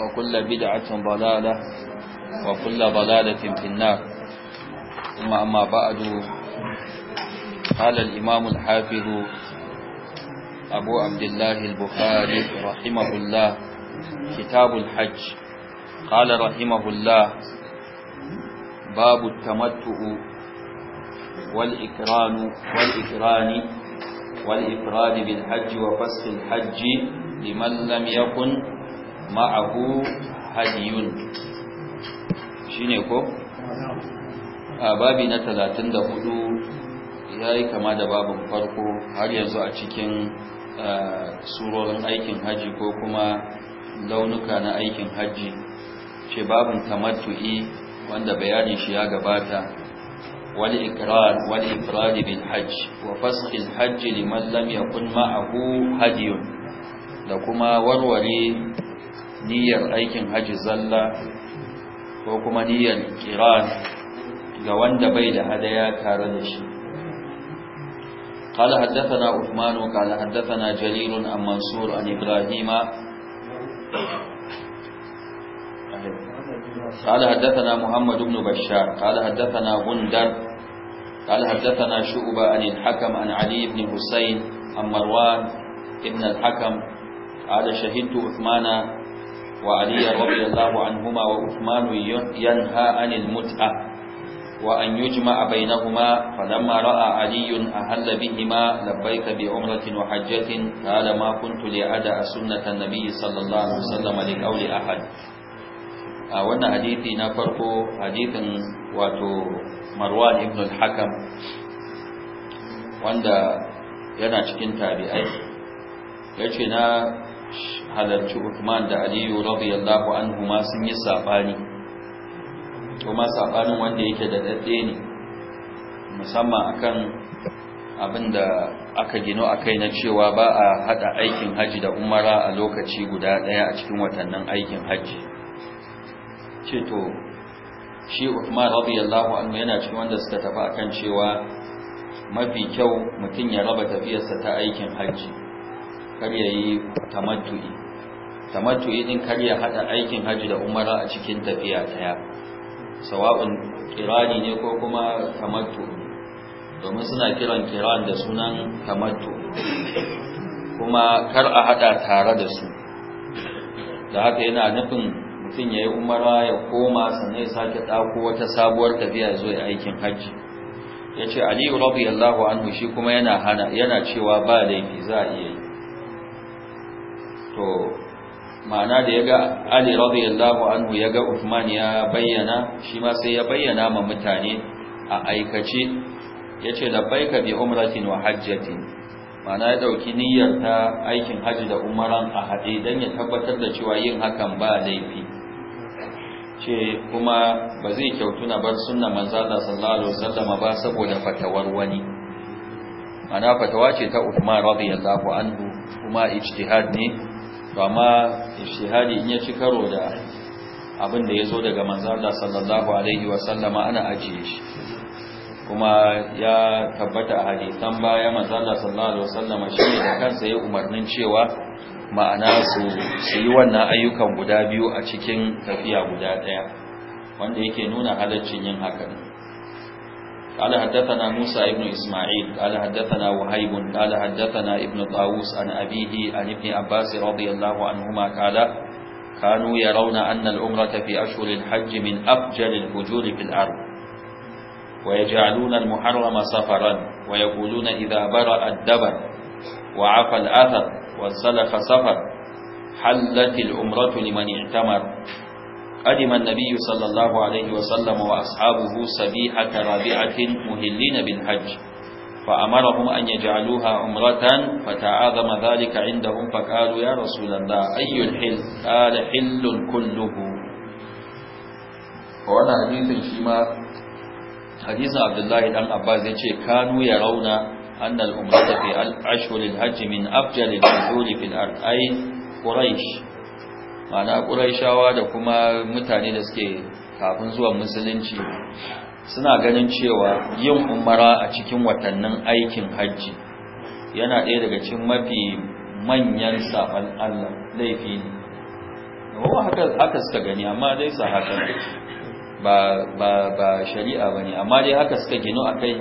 وكل بدعة ضلالة وكل ضلالة في النار ثم أما بعد قال الإمام الحافظ أبو عبد الله البخاري رحمه الله كتاب الحج قال رحمه الله باب التمتع والإكران والإكران والإفراد بالحج وفسخ الحج لمن لم يكن ma'ahu hadiyun shi ne ko a babi na 34 yi kama da babin farko har yanzu a cikin surorin aikin haji ko kuma launuka na aikin hajji, ce babin tamattu'i wanda bayanin shi ya gabata wani ikirar wani ikrari bin hajji wa fasikin hajji liman lam kun ma'ahu hadiyun da kuma warware niyyar aikin haji zalla ko kuma niyyar kiran ga wanda bai da hadaya tare da shi قال حدثنا عثمان قال حدثنا جليل عن منصور عن إبراهيم قال حدثنا محمد بن بشار قال حدثنا غندر قال حدثنا شعبة عن الحكم عن علي بن حسين عن مروان ابن الحكم قال شهدت عثمان وعلي رضي الله عنهما وعثمان ينهى عن المتعة وأن يجمع بينهما فلما رأى علي أهل بهما لبيك بعمرة وحجة قال ما كنت لأدع سنة النبي صلى الله عليه وسلم لقول أحد wannan hadithi na farko hadithin wato marwan ibn al-hakam wanda yana cikin tabi'ai yace na halarci Uthman da Aliyu radiyallahu anhuma sun yi sabani kuma sabanin wanda yake da dadde ne musamman akan abinda aka gino akai na cewa ba a hada aikin haji da umara a lokaci guda daya a cikin watannin aikin haji ce to shi Uthman radiyallahu anhu yana cikin wanda suka tafi akan cewa mafi kyau mutum ya raba tafiyarsa ta aikin haji kar ya yi tamattu'i tamattu'i din kar hada aikin hajji da umara a cikin tafiya daya sawa'un kirani ne ko kuma tamattu domin suna kiran kiran da sunan tamattu kuma kar a hada tare da su da haka yana nufin mutum ya yi umara ya koma sannan ya sake ɗako wata sabuwar tafiya zuwa aikin hajji ya ce aliyu Yallahu anhu shi kuma yana cewa ba laifi za a iya yi to ma'ana da ya ga Ali radiyallahu anhu ga Uthman ya bayyana shi ma sai ya bayyana ma mutane a aikace yace labbaika bi umratin wa hajjatin ma'ana ya dauki niyyar ta aikin haji da umran a haɗe dan ya tabbatar da cewa yin hakan ba laifi ce kuma ba zai kyautuna bar sunna manzo Allah sallallahu alaihi wasallam ba saboda fatawar wani ma'ana fatawa ce ta Uthman radiyallahu anhu kuma ijtihad ne to amma ijtihadi in ya ci karo da abin da zo daga manzo Allah sallallahu alaihi wa sallama ana ajiye shi kuma ya tabbata a hadisan baya manzo Allah sallallahu alaihi wa sallama shi da kansa ya umarnin cewa ma'ana su yi wannan ayyukan guda biyu a cikin tafiya guda ɗaya. wanda yake nuna halaccin yin hakan قال حدثنا موسى ابن إسماعيل قال حدثنا وهيب قال حدثنا ابن طاووس عن أبيه عن ابن عباس رضي الله عنهما قال كانوا يرون أن العمرة في أشهر الحج من أفجل الفجور في الأرض ويجعلون المحرم سفرا ويقولون إذا برأ الدبر وعفى الأثر وسلخ سفر حلت العمرة لمن اعتمر قدم النبي صلى الله عليه وسلم وأصحابه سبيحة رابعة مهلين بالحج فأمرهم أن يجعلوها عمرة فتعاظم ذلك عندهم فقالوا يا رسول الله أي الحل قال حل كله وانا حديث شما حديث عبد الله بن عباس يقول كانوا يرون أن العمرة في أشهر الحج من أفجل الفضول في الأرض أي قريش mana ƙuraishawa da kuma mutane da suke kafin zuwa musulunci suna ganin cewa yin umara a cikin watannin aikin hajji yana ɗaya daga cikin mafi manyan saban Allah laifi ne wa haka haka suka gani amma dai sa haka ba ba ba shari'a amma dai haka suka gino akai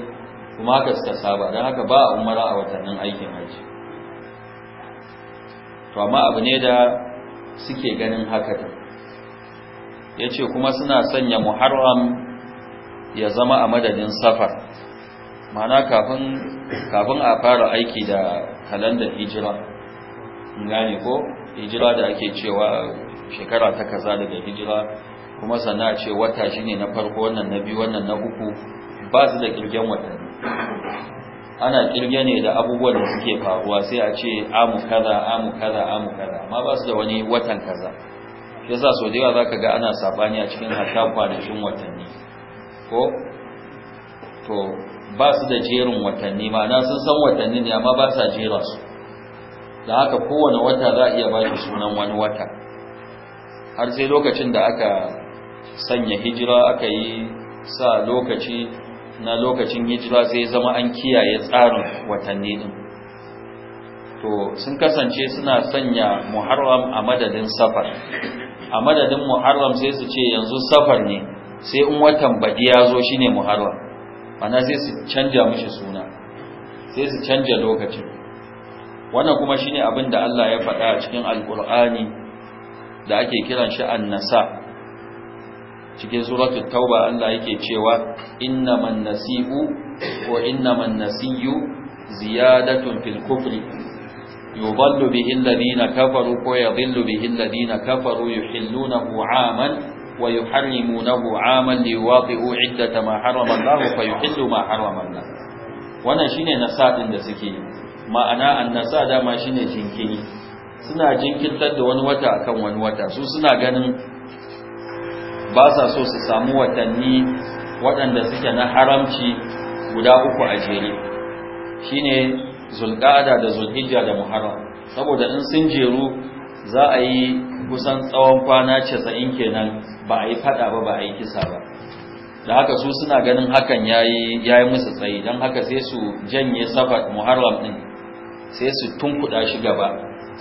kuma haka suka saba don haka ba umara a watannin aikin hajji to amma abu ne da suke ganin haka ne ce kuma suna sanya muharram ya zama a madadin safar mana kafin a fara aiki da kalandar hijira gane ko hijira da ake cewa shekara ta kaza daga hijira kuma sana ce wata shi ne na farko wannan na biyu wannan na uku ba su da kirgen watanni ana kirge ne da abubuwan da suke faruwa sai a ce amu kaza amu kaza amu kaza amma ba su da wani watan kaza shi yasa sau da yawa zaka ga ana sabani a cikin hatta kwanakin watanni ko to ba su da jerin watanni ma'ana sun san watanni ne amma ba sa jera su da haka kowane wata za a iya ba shi sunan wani wata har sai lokacin da aka sanya hijira aka yi sa lokaci na lokacin hijira ya zama an kiyaye tsarin watanni din to sun kasance suna sanya muharram a madadin safar a madadin muharram sai su ce yanzu safar ne sai in watan baɗi ya zo shine muharram ana sai su canja mishi suna sai su canja lokacin wannan kuma shine abin da Allah ya faɗa a cikin alkur'ani da ake kiran shi annasa cikin suratul tauba Allah yake cewa innaman nasihu wa innaman nasiyu ziyadatun fil kufri yudallu bihi alladhina kafaru wa yadhillu bihi alladhina kafaru yuhillunahu 'aman wa yuharrimunahu 'aman liwaqi'u 'iddata ma harrama Allah fa yuhillu ma harrama Allah wannan shine nasadin da suke ma'ana annasada ma shine jinkiri suna jinkirtar da wani wata akan wani wata su suna ganin ba sa so su samu watanni waɗanda suke na haramci guda uku a jere Shi ne zulƙada da zulhijja da muharram saboda in sun jeru za a yi kusan tsawon kwana casa'in kenan ba a yi fada ba ba a yi kisa ba da haka su suna ganin hakan ya yi musu tsayi don haka sai su janye safar muharram ɗin, sai su tunkuda shi gaba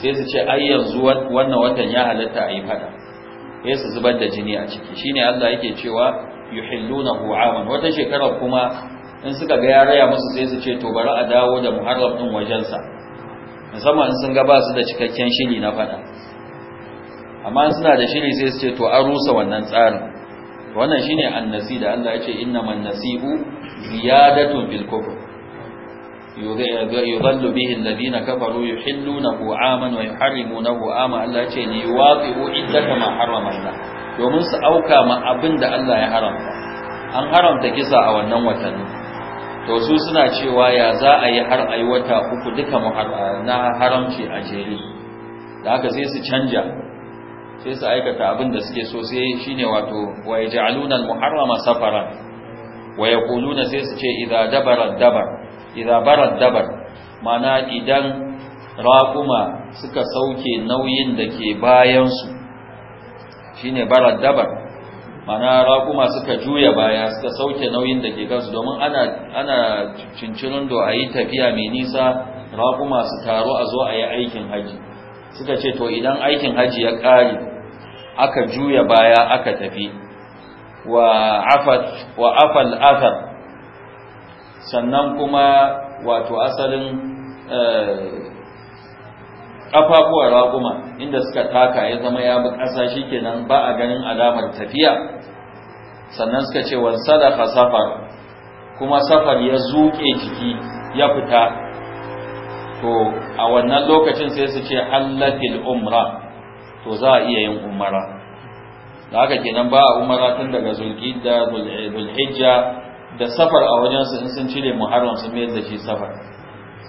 sai su ce ai yanzu wannan watan ya halatta a yi fada sai su zubar da jini a ciki shine Allah yake cewa yuhillunahu aman wata shekara kuma in suka ga yaraya musu sai su ce to bari a dawo da muharram din wajensa musamman in sun ga ba su da cikakken shiri na fada amma in suna da shiri sai su ce to an rusa wannan tsarin wannan shine annasi da Allah ya ce innaman nasibu ziyadatu bil kufr yudhallu bihi alladhina kafaru yuhillunahu aman wa yuharrimunahu ama Allah ce ni yuwaqi'u iddaka ma harrama Allah domin su auka ma abinda Allah ya haramta an haramta kisa a wannan watanni to su suna cewa ya za a yi har ayi wata uku duka na haramci a jere da haka sai su canja sai su aikata abin da suke so sai shine wato wa yaj'aluna al-muharrama safaran wa yaquluna sai su ce idza dabara dabar idza barar dabar mana idan raquma suka sauke nauyin da ke bayan su shine barar dabar mana raquma suka juya baya suka sauke nauyin da ke kansu domin ana ana cincirin do ayi tafiya mai nisa raquma su taro a zo ayi aikin haji suka ce to idan aikin haji ya kare aka juya baya aka tafi wa afat wa afal athar sannan kuma wato asalin eh, ƙafafuwa raƙuma inda suka taka ya zama ya bi ƙasa kenan ba a ganin alamar tafiya sannan suka ce wan sadaka safar kuma safar ya zuke jiki ya fita to a wannan lokacin sai su ce allatil umra to za a iya yin umara da haka kenan ba a umara tun daga zulqidda zulhijja da safar a wajensu in sun cire muharram sun mayar da shi safar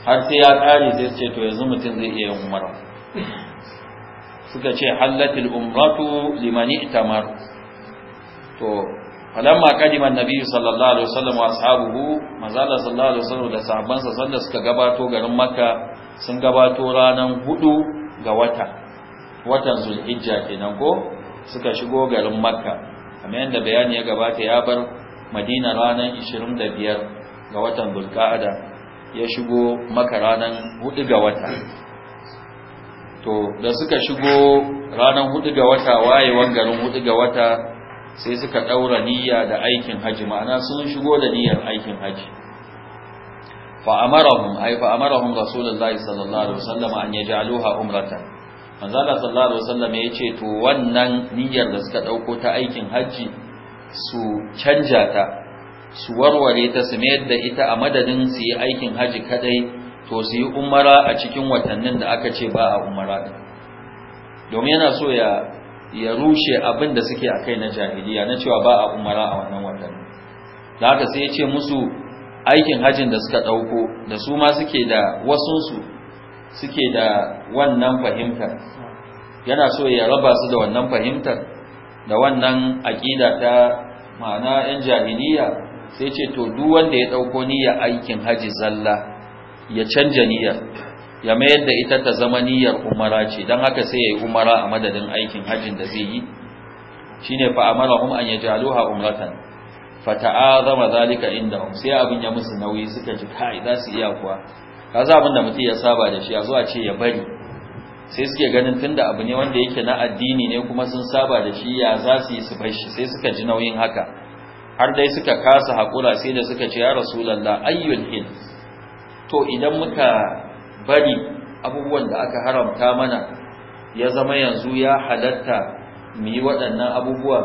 har sai ya kare zai ce to yanzu mutum zai iya yin umara suka ce hallatul umratu liman i'tamar to falamma kadima annabi sallallahu alaihi wasallam wa ashabuhu mazala sallallahu alaihi wasallam da sahabbansa sanda suka gabato garin makka sun gabato ranan hudu ga wata watan zulhijja kenan ko suka shigo garin makka kamar yadda bayani ya gabata ya bar madina ranar 25 ga watan zulka'ada ya shigo maka ranar 4 ga wata to da suka shigo ranar 4 ga wata waye garin 4 ga wata sai suka daura niyya da aikin haji ma'ana sun shigo da niyyar aikin haji fa amarahum ay fa amarahum rasulullahi sallallahu alaihi wasallam an yaj'aluha umratan manzo Allah sallallahu alaihi wasallam yace to wannan niyyar da suka dauko ta aikin haji su canja ta su warware ta su mayar da ita a madadin su yi aikin haji kadai to su yi umara a cikin watannin da aka ce ba a umara domin yana so ya rushe abin da suke a kai na jahiliya na cewa ba a umara a wannan watannin da haka sai ya ce musu aikin hajin da suka ɗauko da su ma suke da wasunsu suke da wannan fahimtar yana so ya raba su da wannan fahimtar da wannan aqida ta ma'ana yan jahiliya sai ce to duk wanda ya dauko niyyar aikin haji zalla ya canja niyya ya mayar da ita ta zama niyyar umara ce dan haka sai yayi umara a madadin aikin hajin da zai yi shine fa amarahum an yaj'aluha umratan fata'azama zalika indahum sai abin ya musu nauyi suka ji kai za su iya kuwa kaza abinda da mutum ya saba da shi a zuwa ce ya bari sai suke ganin tunda abu ne wanda yake na addini ne kuma sun saba da shi ya za su yi su bai shi sai suka ji nauyin haka har dai suka kasa haƙura sai da suka ce ya rasulallah ayyul hin to idan muka bari abubuwan da aka haramta mana ya zama yanzu ya halatta mu yi waɗannan abubuwa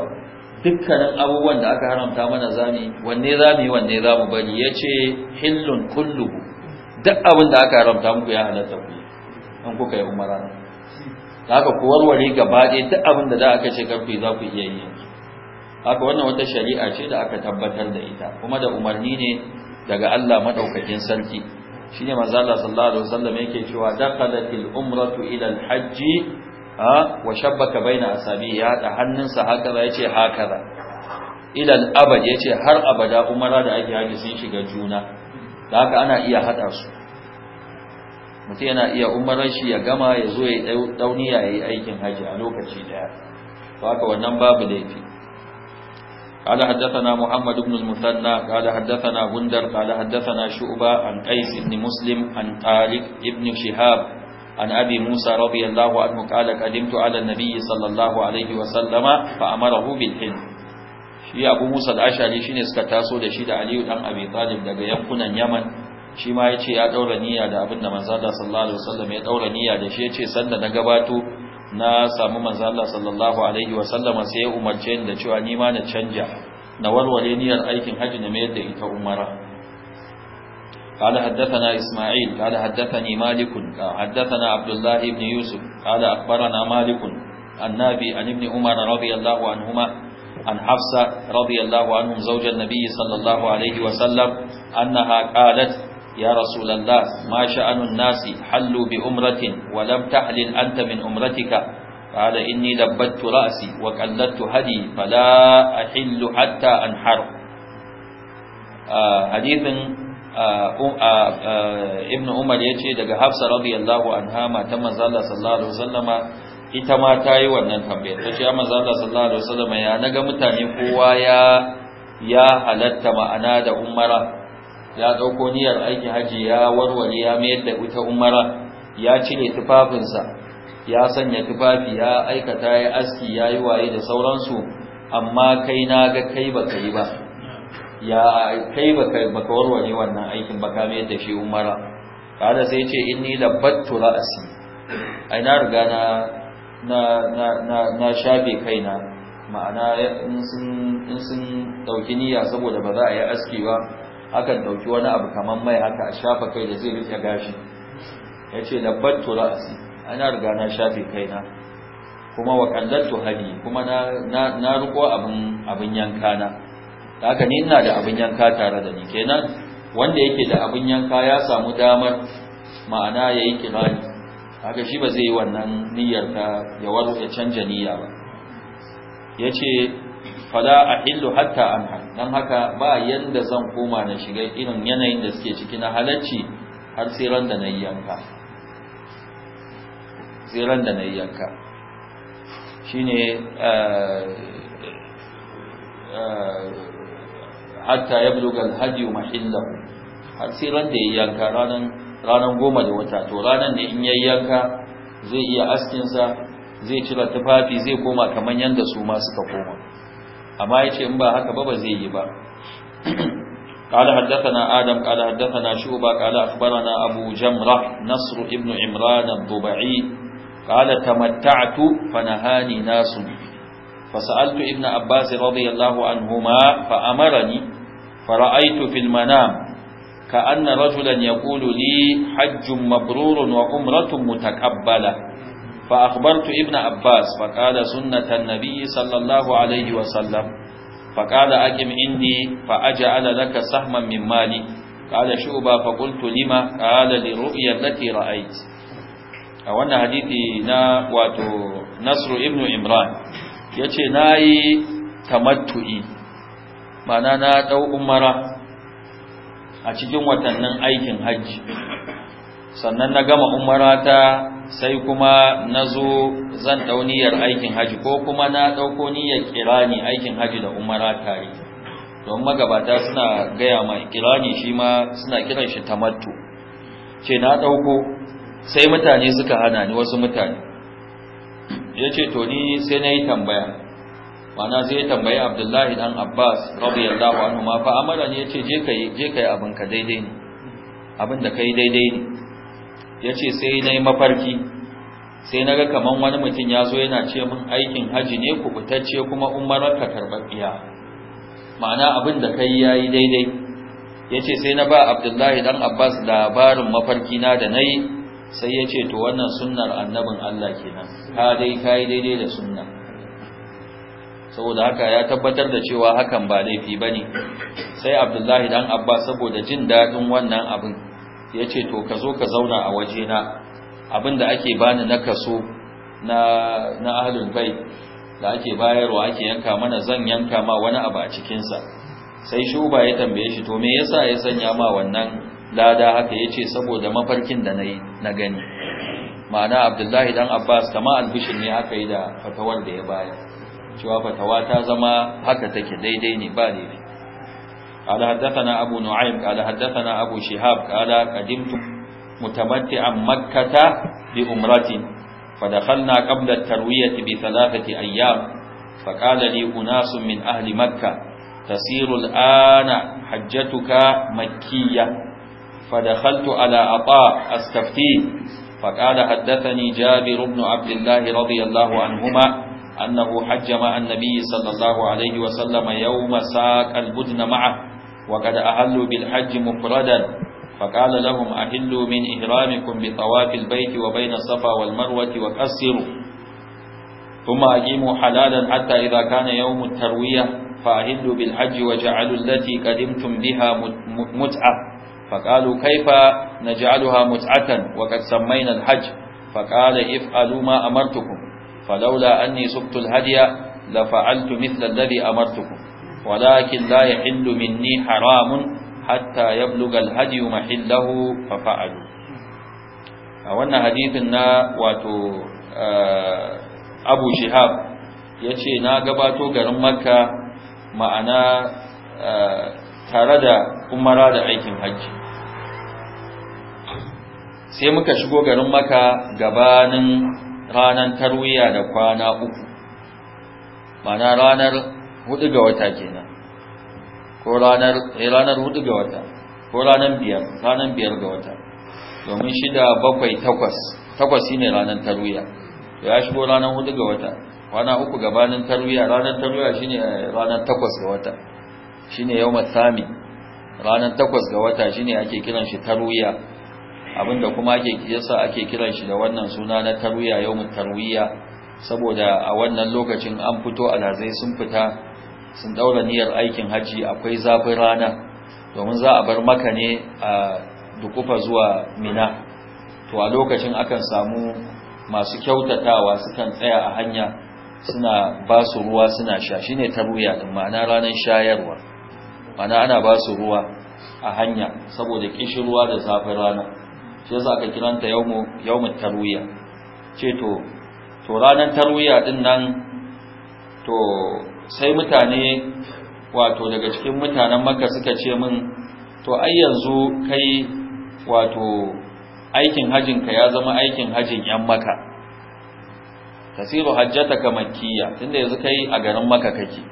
dukkanin abubuwan da aka haramta mana zami wanne yi, wanne za mu bari yace hillun kullu. duk abin da aka haramta muku ya halatta ku in kuka yi umara da haka ku warware gaba ɗaya duk abin da za a ce karfi za ku iya yi yanzu haka wannan wata shari'a ce da aka tabbatar da ita kuma da umarni ne daga Allah maɗaukakin sarki shine manzo Allah sallallahu alaihi wasallam yake cewa daqalatil umratu ila alhajji ha wa shabbaka baina asabihi ya da hannunsa haka za yace haka za ila alabad yace har abada umara da ake haji sun shiga juna da haka ana iya hada su mutum yana iya umarar shi ya gama ya zo ya dauniya ya yi aikin haji a lokaci daya haka wannan babu laifi قال حدثنا محمد بن المثنى قال حدثنا بندر قال حدثنا شعبة عن قيس بن مسلم عن طارق بن شهاب عن أبي موسى رضي الله عنه قال قدمت على النبي صلى الله عليه وسلم فأمره بالحلم shi abu musa da ashari shi ne suka taso da shi da aliyu dan abi daga yankunan yaman shi ma ce ya daura niyya da abinda manzo sallallahu alaihi wasallam ya daura niyya da shi ce sanda na gabato na samu manzo sallallahu alaihi wasallam sai ya umarce ni da cewa ni ma na canja na warware niyyar aikin haji na mayar da ita umara قال حدثنا إسماعيل قال حدثني مالك حدثنا عبد الله بن يوسف قال أخبرنا مالك النبي عن ابن عمر رضي الله عنهما عن حفصة رضي الله عنهم زوج النبي صلى الله عليه وسلم أنها قالت ya rasulallah ma sha'anun nasi hallu bi umratin wa lam tahlil anta min umratika قال إني لبدت رأسي وقلدت هدي فلا أحل حتى أنحر حديث ابن عمر yace daga Hafsa radiyallahu anha matan manzo Allah sallallahu alaihi wasallama ita ma tayi wannan tambayar tace ya manzo Allah sallallahu alaihi wasallama ya naga mutane kowa ya ya halatta ma'ana da umara ya dauko niyyar aikin haji ya warware ya mayar da wuta umara ya cire tufafinsa ya sanya tufafi ya aikata ya aski ya yi waye da sauransu amma kai na ga kai baka yi ba ya kai baka warware wannan aikin ba ka mayar da shi umara kada sai ce inni labbattu ra'asi. ai na riga na na na na shafe kaina ma'ana in sun in sun dauki niyya saboda ba za a yi aski ba akan dauki wani abu kamar mai haka a shafa kai da zai rike gashi yace labbattu ra'si ana riga na shafe kaina kuma wa kallatu hadi kuma na na riko abin abin yanka na haka ne ina da abin yanka tare da ni kenan wanda yake da abin yanka ya samu damar ma'ana yayi kirani haka shi ba zai yi wannan niyyar ta ya waru ya canja niyya ba yace fala ahillu hatta anha dan haka ba yanda zan koma na shiga irin yanayin da suke ciki na halacci har sai ran da nayi yanka sai ran da nayi yanka shine eh, eh, hatta yabluga alhadi mahillahu har sai ran da yayi yanka ranan ranan goma da wata to ranan ne in yayi yanka zai iya askin sa zai cira tufafi zai koma kaman yanda su ma suka koma amma yace in ba haka ba ba zai yi ba قال حدثنا آدم قال حدثنا شوبة قال أخبرنا أبو جمرة نصر ابن عمران الضبعي قال تمتعت فنهاني ناس فسألت ابن عباس رضي الله عنهما فأمرني فرأيت في المنام كأن رجلا يقول لي حج مبرور وعمرة متقبلة فأخبرت ابن عباس فقال سنة النبي صلى الله عليه وسلم فقال أقم إني فأجعل لك سهما من مالي قال شعبا فقلت لما قال لرؤيا التي رأيت أولا حديثي نا واتو نصر ابن عمران يتي ناي تمتعي معنى نا دو أمرا أتجم وتنن أيكن حج sannan na gama umara ta sai kuma na zo zan ɗauniyar aikin haji ko kuma na dauko niyyar kirani aikin haji da umara tare don magabata suna gaya ma kirani shi ma suna kiran shi tamattu ce na dauko sai mutane suka hana ni wasu mutane ce to ni sai na yi tambaya mana sai ya tambayi Abdullahi dan Abbas wa anhu ma fa amara ne yace je kai je abin ka daidai ne abin da ka yi daidai ne ya ce sai na yi mafarki sai na ga kaman wani mutum ya zo yana ce min aikin hajji ne kubutacce kuma umararka karɓaɓɓiya ma'ana abin da kai ya yi daidai ya ce sai na ba abdullahi dan abbas labarin mafarki na da na yi sai ya ce to wannan sunnar annabin allah kenan ka dai ka yi daidai da sunna saboda haka ya tabbatar da cewa hakan ba laifi ba ne sai abdullahi dan abbas saboda jin daɗin wannan abin ya ce to ka zo ka zauna a wajena abinda ake bani na kaso na ahalin bai da ake bayarwa ake yanka mana zan yanka ma wani abu a cikinsa sai shuba ya tambaye shi to me yasa ya sanya ma wannan lada haka ya ce saboda mafarkin da na gani ma'ana abdullahi dan abbas kama albishin ne aka yi da fatawar da ya bayar cewa fatawa ta zama haka take daidai ne ba ne. قال حدثنا أبو نعيم قال حدثنا أبو شهاب قال قدمت متمتعا مكة بأمرة فدخلنا قبل التروية بثلاثة أيام فقال لي أناس من أهل مكة تسير الآن حجتك مكية فدخلت على عطاء أستفتيه فقال حدثني جابر بن عبد الله رضي الله عنهما أنه حج مع النبي صلى الله عليه وسلم يوم ساق البدن معه وقد أهلوا بالحج مفردا فقال لهم أهلوا من إهرامكم بطواف البيت وبين الصفا والمروة وقصروا ثم أقيموا حلالا حتى إذا كان يوم التروية فأهلوا بالحج وجعلوا التي قدمتم بها متعة فقالوا كيف نجعلها متعة وقد سمينا الحج فقال افعلوا ما أمرتكم فلولا أني سبت الهدي لفعلت مثل الذي أمرتكم walakin la yahillu minni haramun hatta yabluga alhadi mahillahu fa fa'alu a wannan hadisin na wato Abu Shihab ya ce na gabato garin Makka ma'ana tare da umara da aikin hajji sai muka shigo garin Makka gabanin ranar tarwiya da kwana uku mana ranar hudu ga wata kenan ko ranar eh, ranar hudu ga wata ko ranar biyar ranar biyar ga wata domin shida bakwai takwas takwas shine ranar tarwiya to ya shigo ranar hudu ga wata kwana uku gabanin tarwiya ranar tarwiya shine eh, ranar takwas ga wata shine yawmat sami ranar takwas ga wata shine ake kiran shi tarwiya abinda kuma ake yasa ake kiran shi da wannan suna na tarwiya yawmut tarwiya saboda a wannan lokacin an fito alazai sun fita sun daura niyyar aikin haji akwai zafin rana domin za a bar maka ne a dukufa zuwa mina to a lokacin akan samu masu kyautatawa sukan tsaya a hanya suna ba su ruwa suna sha shi ne taruya din ma'ana ranar shayarwa ma'ana ana ba su ruwa a hanya saboda kishin ruwa da zafin rana shi yasa aka kiranta yawmu yawmu taruya ce to to ranar tarwiya din nan to sai mutane wato daga cikin mutanen maka suka ce min to ai yanzu kai wato aikin ka ya zama aikin hajin yan maka tasiru hajjataka makkiya tunda yanzu kai a garin maka kake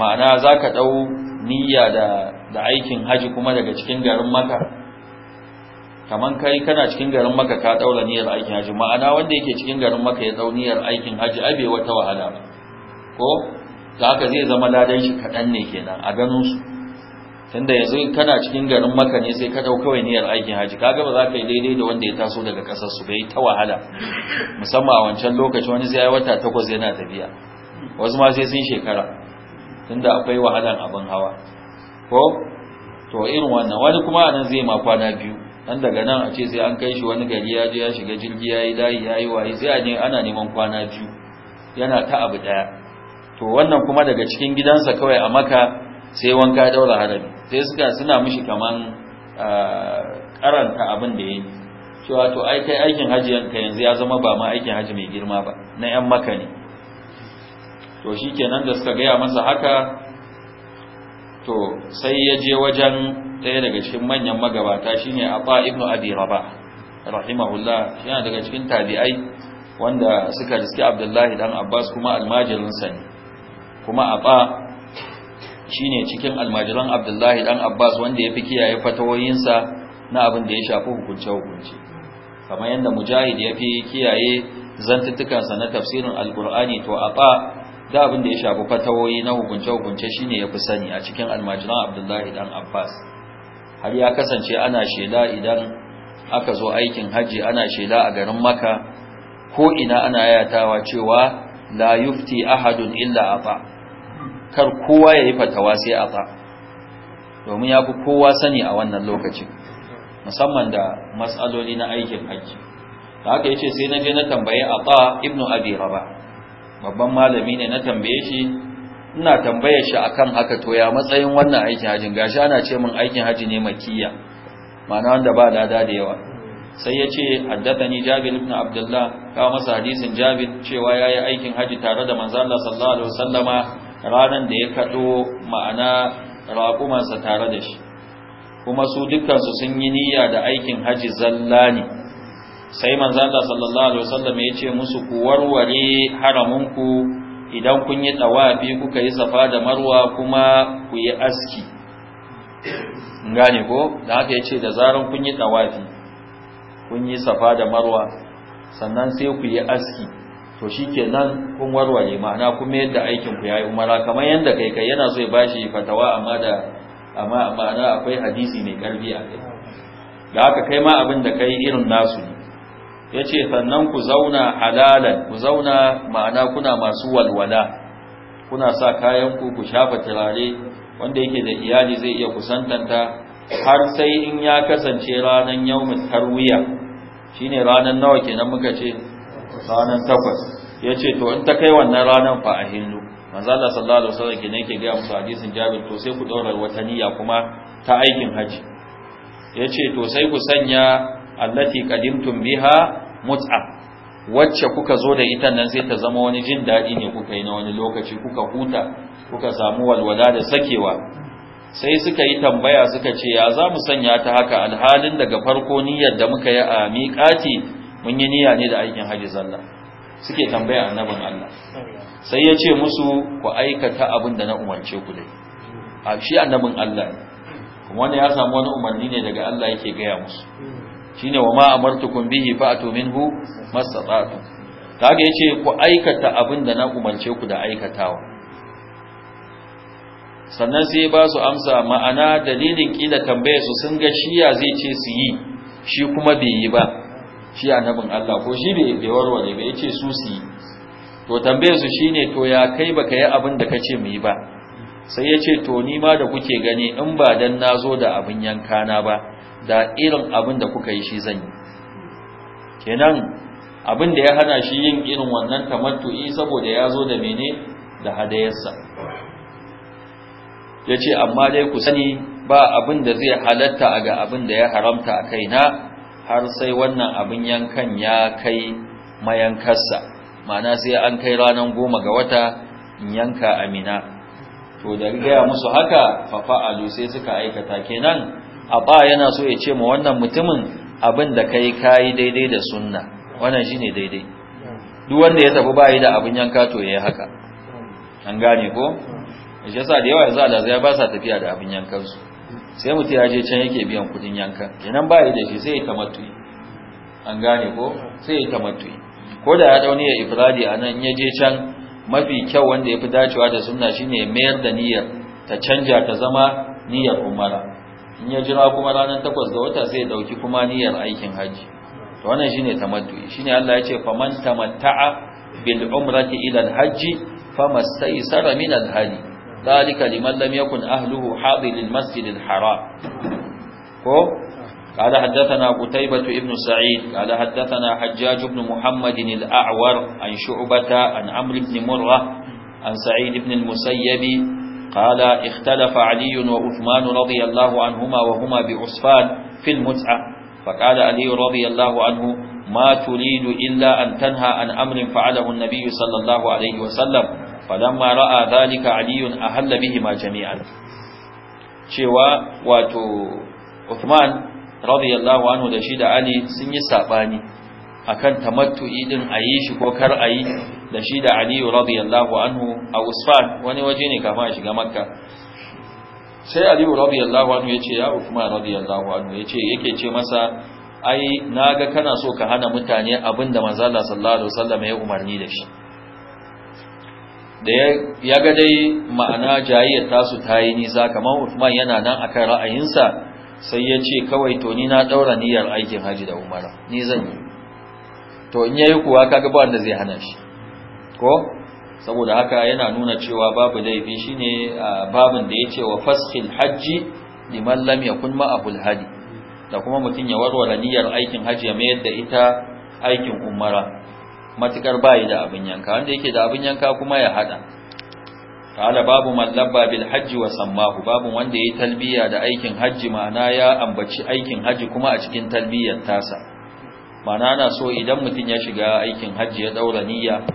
ma'ana zaka dau niyya da da aikin haji kuma daga cikin garin maka kaman kai kana cikin garin maka ka daura niyyar aikin haji ma'ana wanda yake cikin garin maka ya dau niyyar aikin haji abe wata wahala ko da haka zai zama ladan shi kadan ne kenan a ganin su tunda yanzu kana cikin garin maka ne sai ka dau kawai niyyar aikin haji kaga ba za ka yi daidai da wanda ya taso daga kasar su bai ta wahala musamman a wancan lokaci wani sai wata takwas yana tafiya wasu ma sai sun shekara tunda akwai wahalan abin hawa ko to irin wannan wani kuma anan zai ma kwana biyu dan daga nan a ce sai an kai shi wani gari ya je ya shiga jirgi yayi layi yayi waye sai a ne ana neman kwana biyu yana ta abu daya to wannan kuma daga cikin gidansa kawai a maka sai wanka daura harami sai suka suna mishi kaman karanta abin da yayi cewa to ai kai aikin haji yanka yanzu ya zama ba ma aikin haji mai girma ba na yan maka ne to shikenan da suka gaya masa haka to sai ya je wajen daya daga cikin manyan magabata shine Abba ibn Abi Rabah rahimahullah yana daga cikin tabi'ai wanda suka riski Abdullahi dan Abbas kuma almajirin sa ne kuma Abba shine cikin almajiran Abdullahi dan Abbas wanda ya fi kiyaye fatawoyinsa na abin da ya shafi hukunce hukunci kamar yadda Mujahid ya fi kiyaye zantuttukansa na tafsirin Alkur'ani to Abba da abin da ya shafi fatawoyi na hukunce-hukunce shine fi sani a cikin almajiran Abdullahi dan Abbas har ya kasance ana shela idan aka zo aikin hajji ana shela a garin maka ko ina ana yayatawa cewa la yufti ahadun illa ata kar kowa ya yi fatawa sai ata domin ya fi kowa sani a wannan lokaci. musamman da matsaloli na aikin haji da haka yace sai na je na tambaye ata ibnu abi rabah babban malami ne na tambaye shi ina tambayar shi akan haka to ya matsayin wannan aikin hajjin gashi ana ce min aikin hajji ne makiyya ma'ana wanda ba lada da yawa sai ya ce haddathani jabir ibn abdullah kawo masa hadisin jabir cewa yayi aikin hajji tare da manzo Allah sallallahu alaihi wasallama ranan da ya kado ma'ana sa tare da shi kuma su dukkansu sun yi niyya da aikin haji zalla ne sai manzo Allah sallallahu alaihi Wasallama, ya ce musu ku warware haramunku idan kun yi tawafi kuka yi safa da marwa kuma ku yi aski gane ko da haka ya ce da zarar kun yi tawafi kun yi safa da marwa sannan sai ku yi aski to shi ke nan kun warware ma'ana kuma yadda aikinku ya yi umara kamar yadda kai kai yana so ya bashi fatawa amma da amma ma'ana akwai hadisi mai ƙarfi a kai da haka kai ma abin da kai irin nasu ne ya ce sannan ku zauna halalan ku zauna ma'ana kuna masu walwala kuna sa kayanku ku shafa turare wanda yake da iyali zai iya kusantanta har sai in ya kasance ranar yaumin tarwiya shine ranar nawa kenan muka ce ranar takwas ya ce to in ta kai wannan ranar fa a hindu manzo Allah sallallahu alaihi wasallam kenan yake ga musu hadisin Jabir to sai ku daura wata niyya kuma ta aikin haji yace to sai ku sanya allati qadimtum biha mut'a wacce kuka zo da ita nan sai ta zama wani jin daɗi ne kuka yi na wani lokaci kuka huta kuka samu walwala da sakewa sai suka yi tambaya suka ce ya za mu sanya ta haka alhalin daga farko niyyar da muka yi a miƙati mun yi niyya ne da aikin hajji zalla suke tambaya annabin Allah sai ya ce musu ku aikata abin da na umarce ku dai a shi annabin Allah ne kuma wanda ya samu wani umarni ne daga Allah yake gaya musu shine wa ma amartukum bihi fa'tu minhu mastata'tum kage yace ku aikata abin da na umarce ku da aikatawa sannan sai ba su amsa ma'ana dalilin kila tambaye su sun ga shi ya zai ce su yi shi kuma bai yi ba shi annabin Allah ko shi bai warware bai yace su su yi to tambaye su shine to ya kai baka yi abin da kace mu yi ba sai yace to ni ma da kuke gani in ba dan nazo da abin yankana ba da irin abin da kuka yi shi zan yi kenan abin da ya hana shi yin irin wannan tamattu'i saboda ya zo da mene da hadayarsa ya ce amma dai ku sani ba abin da zai halatta ga abin da ya haramta a kaina har sai wannan abin yankan ya kai mayankarsa ma'ana sai an kai ranar goma ga wata in yanka amina to da gaya musu haka fafa'alu sai suka aikata kenan A ba yana so ya ce ma wannan mutumin abin da kai kayi daidai da sunna wannan shine daidai duk wanda ya tafi bayi da abin yanka to yayi haka an gane ko shi yasa da yawa yanzu zai ba sa tafiya da abin yankan su sai mutu ya je can yake biyan kudin yankan kenan bayi da shi sai ya tamattu an gane ko sai ya tamattu ko da ya dauni ya ifradi anan ya je can mafi kyau wanda ya fi dacewa da sunna shine ya mayar da niyyar ta canja ta zama niyyar umara in ya jira kuma ranar takwas ga wata zai ɗauki dauki kuma niyyar aikin hajji. to wannan shine tamattu'i shine Allah ya ce faman tamatta'a bil umrati ila al haji famastaysara min al hadi dalika liman lam yakun ahluhu hadir al masjid al haram ko قال حدثنا قتيبة ابن سعيد قال حدثنا حجاج بن محمد الأعور عن شعبة عن عمرو بن مرة عن سعيد بن المسيب قال اختلف علي وعثمان رضي الله عنهما وهما بعصفان في المتعة فقال علي رضي الله عنه ما تريد إلا أن تنهى عن أمر فعله النبي صلى الله عليه وسلم فلما رأى ذلك علي أهل بهما جميعا شوى واتو عثمان الله عنه da علي da Ali akan tamattu'i din ayi shi ko kar ayi da shi da aliyu radiyallahu anhu a usfan wani waje ne kama a shiga makka sai aliyu radiyallahu anhu ya ce ya uthman radiyallahu anhu ya ce yake ce masa ai naga kana so ka hana mutane abinda Allah sallallahu alaihi wasallam ya umarni da shi da ya ga dai ma'ana jayyar tasu ta yi nisa kamar Uthman yana nan akan ra'ayinsa sai ya ce kawai to ni na daura niyyar aikin haji da umara ni zan yi to in yayi kuwa kaga ba wanda zai hana shi ko saboda haka yana nuna cewa babu laifi shine babin da yake wa faskhil hajji liman lam yakun abul hadi da kuma mutun ya warware niyyar aikin haji ya mayar da ita aikin umara matukar bai da abin yanka wanda yake da abin yanka kuma ya hada kala babu man labba bil hajji wa sammahu babu wanda yayi talbiya da aikin hajji ma'ana ya ambaci aikin hajji kuma a cikin talbiyar tasa mana ana so idan mutum ya shiga aikin hajji ya daura niyya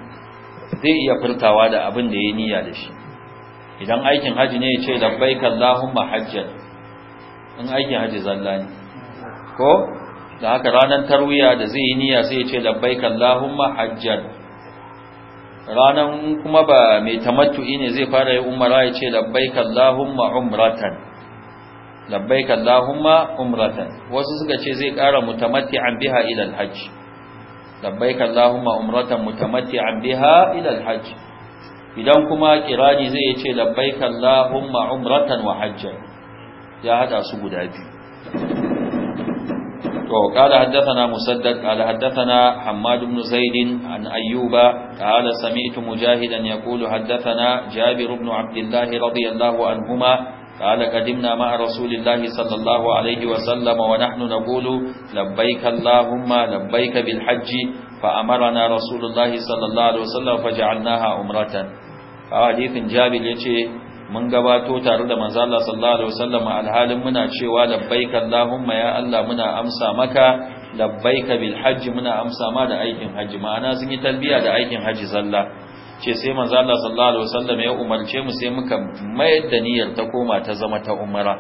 zai iya furtawa da abin da ya yi niyya da shi idan aikin hajji ne ya ce labbaika allahumma hajjan in aikin hajji zalla ne ko da haka ranar tarwiya da zai yi niyya sai ya ce labbaika allahumma hajjan ranan kuma ba mai tamattu ne zai fara yin umara ya ce labbaika allahumma umratan labbaik allahumma umratan wasu suka ce zai ƙara mutamatti'an biha ila alhajj labbaik allahumma umratan mutamatti'an biha ila alhajj idan kuma kirani zai ce labbaik allahumma umratan wa hajjan ya hada su guda biyu to qala haddathana musaddad qala haddathana hammad ibn zaid an ayyuba qala sami'tu mujahidan yaqulu haddathana jabir ibn abdullah radiyallahu anhuma قال قدمنا مع رسول الله صلى الله عليه وسلم ونحن نقول لبيك اللهم لبيك بالحج فأمرنا رسول الله صلى الله عليه وسلم فجعلناها عمرة حديث جابر يجي mun gabato tare da manzo Allah sallallahu alaihi wasallam muna cewa labbaika Allahumma ya Allah muna amsa maka labbaika bil muna amsa ma da aikin haji ma'ana sun yi talbiya da aikin haji sallah ce sai manzo Allah sallallahu alaihi wasallam ya umarce mu sai muka mayar da niyyar ta koma ta zama ta umara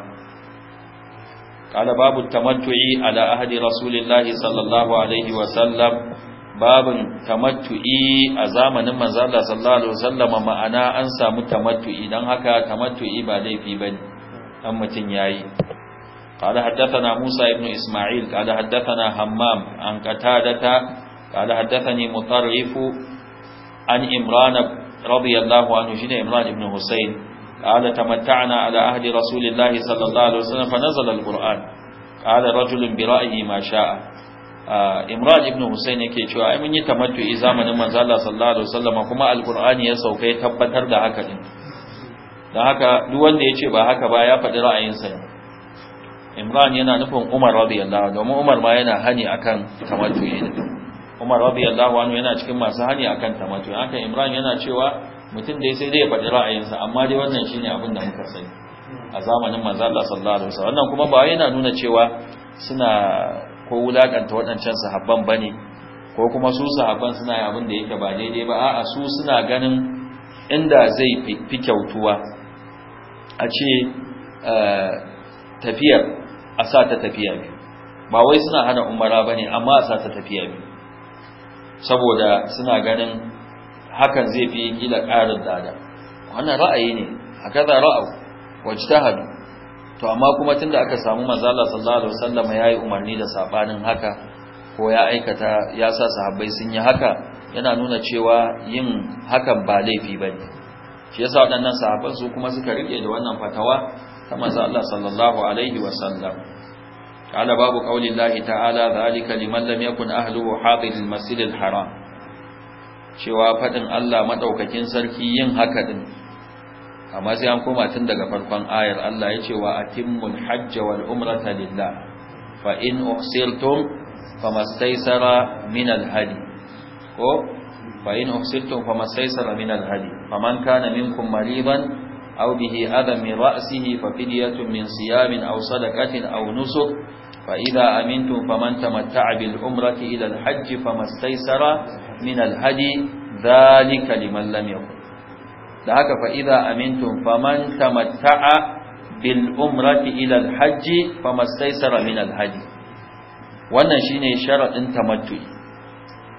qala babu tamattu'i ala ahadi, rasulillahi sallallahu alaihi wasallam babin tamattu'i a zamanin manzo Allah sallallahu alaihi wasallam ma'ana an samu tamattu'i dan haka tamattu'i ba laifi bane dan mutun yayi قال حدثنا موسى ابن إسماعيل قال حدثنا همام عن قتادة قال حدثني مطرف an imran radiyallahu anhu shine imran ibn husayn qala tamatta'na ala ahdi rasulillahi sallallahu alaihi wasallam fa nazala alquran qala rajulun bi ra'yi ma sha'a imran ibn husayn yake cewa ai mun yi tamattu'i zamanin manzo Allah sallallahu alaihi wasallam kuma alqur'ani ya sauka ya tabbatar da haka din dan haka duk wanda yace ba haka ba ya faɗi ra'ayinsa ne imran yana nufin umar radiyallahu domin umar ma yana hani akan tamattu'i Umar radiyallahu anhu yana cikin masu hani akan ta mato haka Imran yana cewa mutum da sai zai faɗi ra'ayinsa amma dai wannan shine abin da muka sani a zamanin manzo Allah sallallahu alaihi wasallam wannan kuma ba yana nuna cewa suna ko wulakanta waɗancan sahabban bane ko kuma su sahabban suna yin abin da yake ba daidai ba a'a su suna ganin inda zai fi kyautuwa a ce eh, tafiyar a sa ta tafiya ba wai suna hana umara bane ne amma a sa ta tafiya biyu saboda suna ganin hakan zai fi kila ƙarin dada wannan ra'ayi ne haka za ra'au hadu? to amma kuma da aka samu mazala sallallahu alaihi wasallam yi umarni da sabanin haka ko ya aikata ya sa sahabbai sun yi haka yana nuna cewa yin hakan ba laifi bane shi yasa waɗannan sahabban su kuma suka rike da wannan fatawa ta manzo sallallahu alaihi wasallam قال باب قول الله تعالى ذلك لمن لم يكن أهله حاضر المسجد الحرام cewa fadin Allah madaukakin sarki yin haka din amma sai an koma tun daga farkon ayar Allah ya ce wa atimmul hajj wal umrata lillah fa in uhsirtum famastaysara min al hadi ko fa in uhsirtum famastaysara min al hadi faman kana minkum mariban أو به أذى من رأسه ففدية من صيام أو صدقة أو نسك فإذا أمنتم فمن تمتع بالعمرة إلى الحج فما استيسر من الهدي ذلك لمن لم يكن da haka fa'iza amintun faman tamatta'a bil umrati ilal hajji famastaisara min alhaji wannan shine sharaɗin tamattu'i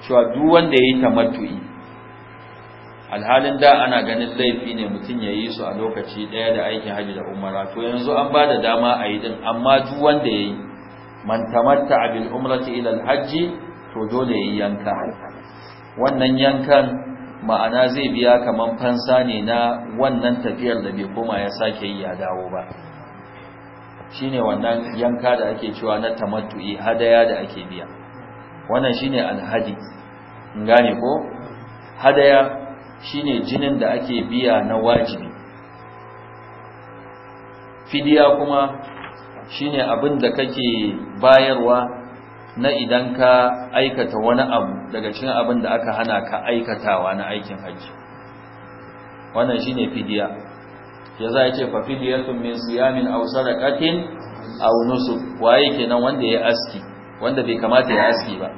cewa duk wanda ya yi alhalin da ana ganin laifi ne mutum ya yi su a lokaci ɗaya da aikin hajji da umara to yanzu an ba da dama a yi din amma duk wanda ya yi man tamatta'a bil umrati ila al hajji to dole yayi yanka wannan yankan ma'ana zai biya kaman fansa ne na wannan tafiyar da bai koma ya sake yi a dawo ba shine wannan yanka da ake cewa na tamattu'i hadaya da ake biya wannan shine alhaji gane ko hadaya shine jinin da ake biya na wajibi fidiya kuma shine abin da kake bayarwa na idan ka aikata wani abu daga cikin abin da aka hana ka aikatawa na aikin hajji wannan shine fidiya ya za ce fa fidiyatun min siyamin aw sadaqatin aw nusuk waye kenan wanda ya aski wanda bai kamata ya aski ba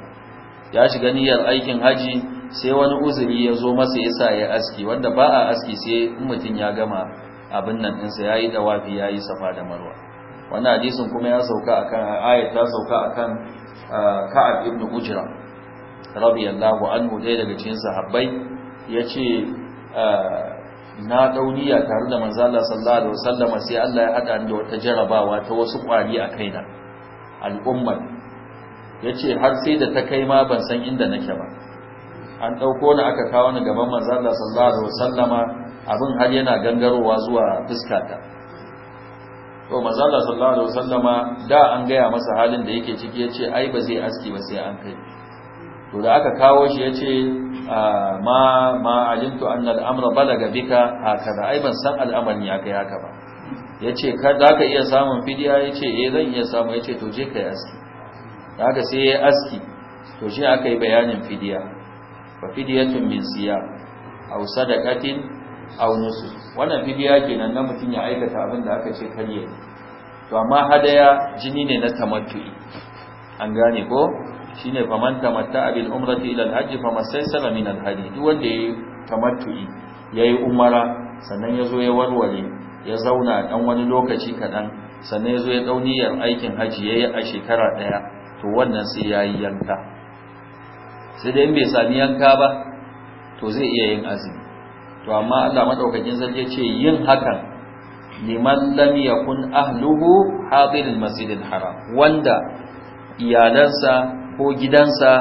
ya shiga niyyar aikin haji sai wani uzuri ya zo masa yasa ya aski wanda ba a aski sai in mutum ya gama abin nan ɗinsa ya yi dawafi ya yi safa da marwa wannan hadisin kuma ya sauka akan ayat ta sauka akan ah, Ka'ab ibn Ujra radiyallahu anhu dai daga cikin sahabbai yace ah, na dauniya tare da manzo Allah sallallahu alaihi wasallam sai Allah ya hada ni da wata jarabawa ta wasu kwari a kaina al'ummar yace har sai da ta kai ma ban san inda nake ba an dauko ni aka kawo ni gaban manzo Allah sallallahu alaihi wasallama abin har yana gangarowa zuwa fuskata to manzala sallallahu alaihi wasallama da an gaya masa halin da yake ciki yace ai ba zai aski ba sai an kai to da aka kawo shi yace ma ma alimtu anna al-amra balaga bika da, ai ban san al'amarin ya kai haka ba yace ka ka iya samun fidiya yace eh zan iya samu yace to je kai aski haka sai yayi aski to shi aka yi bayanin fidiya fa fidiyatun min siya aw sadaqatin aw nusu wannan fidiya kenan na mutum ya aikata abin da aka ce kariya to amma hadaya jini ne na tamattu'i an gane ko shine faman tamatta bil umrati ila al-hajj famastaysara min al-hadi duk wanda yayi tamattu'i yayi umara sannan yazo ya warware ya zauna dan wani lokaci kaɗan, sannan yazo ya dauniyar aikin haji yayi a shekara ɗaya, to wannan sai yayi yanka sai dai in bai sami yanka ba to zai iya yin azumi to amma Allah madaukakin sarki ce yin hakan liman lam yakun ahluhu hadir almasjid haram wanda iyalansa ko gidansa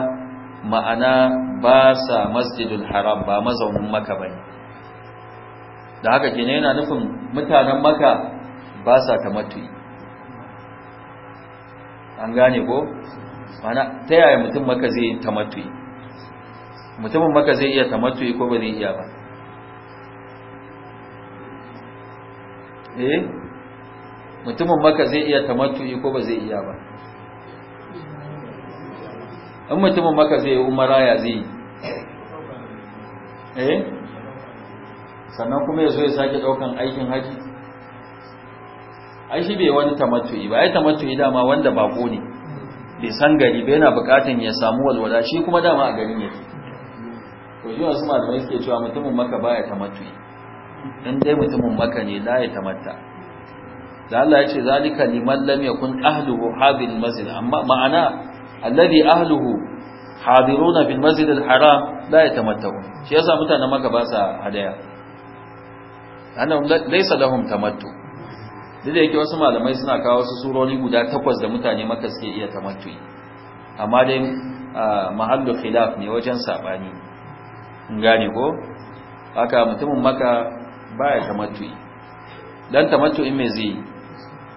ma'ana ba sa masjid haram ba mazaunin maka bane da haka kenan yana nufin mutanen maka ba sa tamattu'i an gane ko mana ta yaya mutum maka zai tamattu'i mutumin maka zai iya tamattu'i ko ba zai iya ba eh mutumin maka zai iya tamattu'i ko ba zai iya ba in mutumin maka zai yi umara ya zai eh sannan kuma ya zo ya sake daukan aikin haji ai shi bai wani tamattu'i ba ai tamattu'i dama wanda bako ne bai san gari ba yana bukatan ya samu walwala shi kuma dama a garin yake to shi wasu malamai suke cewa mutumin maka baya tamattu'i in dai mutumin maka ne la ya tamatta da Allah ya ce zalika liman lam yakun ahluhu habil masjid amma ma'ana alladhi ahluhu hadiruna bil masjid al haram la tamatta shi yasa mutanen maka ba sa hadaya ana laysa lahum tamattu duk da yake wasu malamai suna kawo wasu suroni guda takwas da mutane maka suke iya tamattu amma dai mahallu khilaf ne wajen sabani in gane ko haka mutumin maka baya tamattu'i dan tamattu'in me zai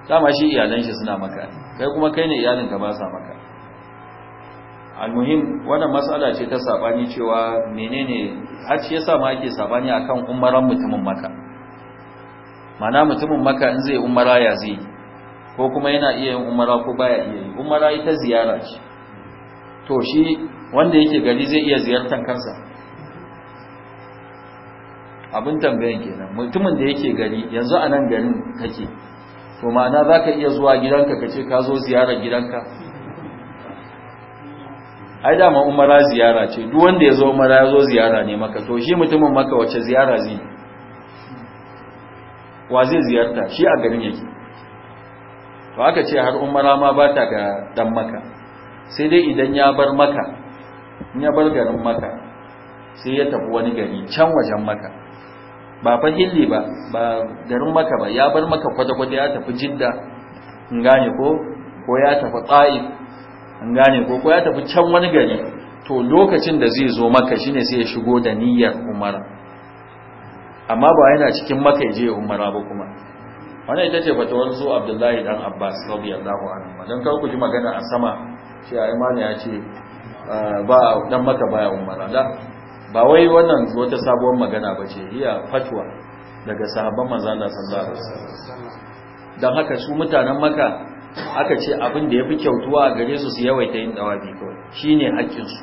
Sama shi iyalan shi suna maka kai kuma kai ne iyalin ka ba sa maka almuhim wannan mas'ala ce ta sabani cewa menene har ce yasa ma ake sabani akan umaran mutumin maka mana mutumin maka in zai umara ya zai ko kuma yana iya yin umara ko baya iya yi umara ita ziyara ce to shi wanda yake gari zai iya ziyartar kansa abin tambayan kenan mutumin da yake gari yanzu a nan garin kake to ma'ana za ka iya zuwa gidanka ka ce ka zo ziyarar gidanka ai dama umara ziyara ce duk wanda ya zo umara ya zo ziyara ne maka to shi mutumin maka wace ziyara zai wa zai ziyarta shi a garin yake to aka ce har umara ma ba ta ga dan maka sai dai idan ya bar maka in ya bar garin maka sai ya tafi wani gari can wajen maka ba fa hilli ba ba garin maka ba ya bar maka kwata-kwata ya tafi jidda in gane ko ko ya tafi ta'if in gane ko ko ya tafi can wani gari to lokacin da zai zo maka shine sai ya shigo da niyyar umara amma ba yana cikin maka ya je umara ba kuma wannan ita ce fatawar su abdullahi dan abbas radiyallahu anhu dan kar ku ji magana a sama shi ayi ne ya ce ah, ba dan maka baya umara da ba wai wannan wata sabuwar magana ba ce iya fatwa daga sahabban manzana sallallahu alaihi wasallam dan haka su mutanen maka aka ce abin da yafi kyautuwa a gare su su yawaita yin dawabi kawai shine hakkin su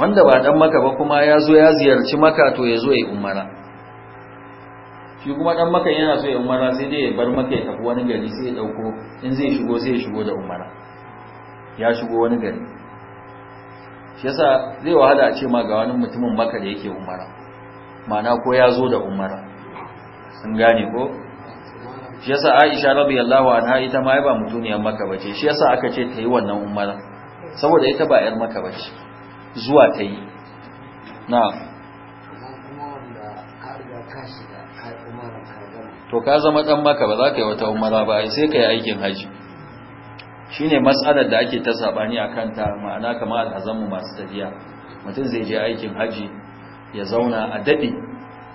wanda ba dan maka ba kuma ya zo ya ziyarci maka to ya zo ya umara shi kuma dan maka yana so ya umara sai dai ya bar maka ya tafi wani gari sai ya dauko in zai shigo sai ya shigo da umara ya shigo wani gari shi yasa zai wahala a ce ma ga wani mutumin maka da yake umara mana ko ya zo da umara sun gane ko shi yasa Aisha radiyallahu anha ita ma ba mutuniyar maka bace shi yasa aka ce ta yi wannan umara saboda ita ba yar maka bace zuwa ta yi to ka zama dan maka ba za ka yi wata umara ba sai ka yi aikin haji shine mas'alar da ake ta sabani akan ta ma'ana kamar alhazanmu masu tafiya mutum zai je aikin haji ya zauna a dade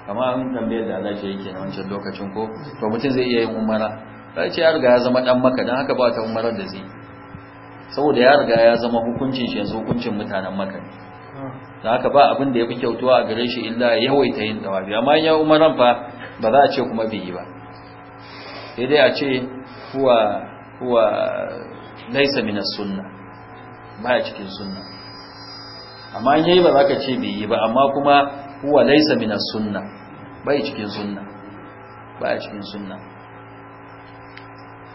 kamar an tambayar da Allah yake na wancan lokacin ko to mutum zai iya yin umara ba ce ya riga ya zama dan maka dan haka ba ta umarar da zai saboda ya riga ya zama hukuncin shi yanzu hukuncin mutanen maka da haka ba abin da ya fi kyautuwa a gare shi illa yawaita yin tawafi amma ya umaran fa ba za a ce kuma bai yi ba sai dai a ce kuwa wa laisa min as-sunnah baya cikin sunna amma in yayi ba za ka ce bai yi ba amma kuma huwa laisa min as-sunnah baya cikin sunna baya cikin sunna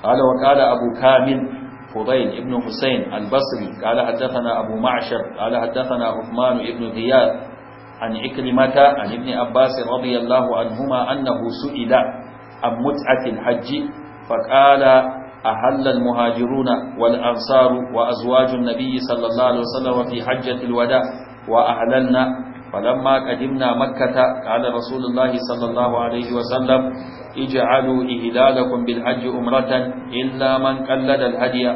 qala wa qala abu kamil fudayl ibn husayn al-basri qala hadathana abu ma'shar qala hadathana uthman ibn ghiyad an ikrimata an ibn abbas radiyallahu anhuma annahu su'ila am mut'atil hajj faqala أهل المهاجرون والأنصار وأزواج النبي صلى الله عليه وسلم في حجة الوداع وأهلنا فلما قدمنا مكة على رسول الله صلى الله عليه وسلم اجعلوا إهلالكم بالحج أمرة إلا من قلد الهدي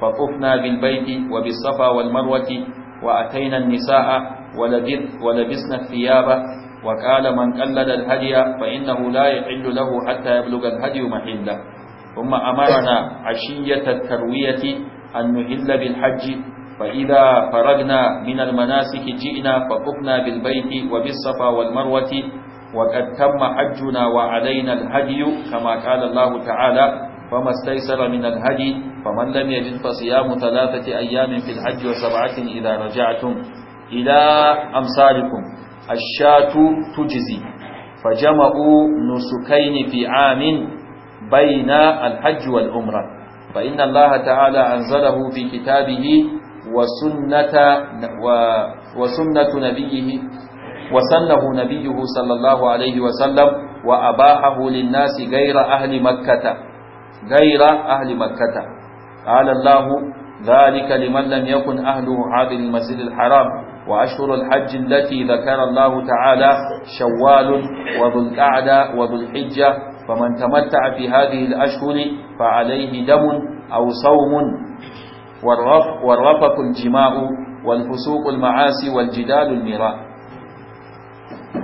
فطفنا بالبيت وبالصفا والمروة وأتينا النساء ولبسنا الثياب وقال من قلد الهدي فإنه لا يحل له حتى يبلغ الهدي محله ثم أمرنا عشية التروية أن نهل بالحج فإذا فرغنا من المناسك جئنا فطفنا بالبيت وبالصفا والمروة وقد تم حجنا وعلينا الهدي كما قال الله تعالى فما استيسر من الهدي فمن لم يجد فصيام ثلاثة أيام في الحج وسبعة إذا رجعتم إلى أمثالكم الشاة تجزي فجمعوا نسكين في عام بين الحج والعمرة فإن الله تعالى أنزله في كتابه وسنة وسنة نبيه وسنه نبيه صلى الله عليه وسلم وأباحه للناس غير أهل مكة غير أهل مكة قال الله ذلك لمن لم يكن أهله عابد المسجد الحرام وأشهر الحج التي ذكر الله تعالى شوال وذو القعدة وذو الحجة faman tamatta'a fi hadhihi al-ashhuri fa alayhi damun aw sawmun والرفق الجماع والفسوق المعاصي والجدال المراء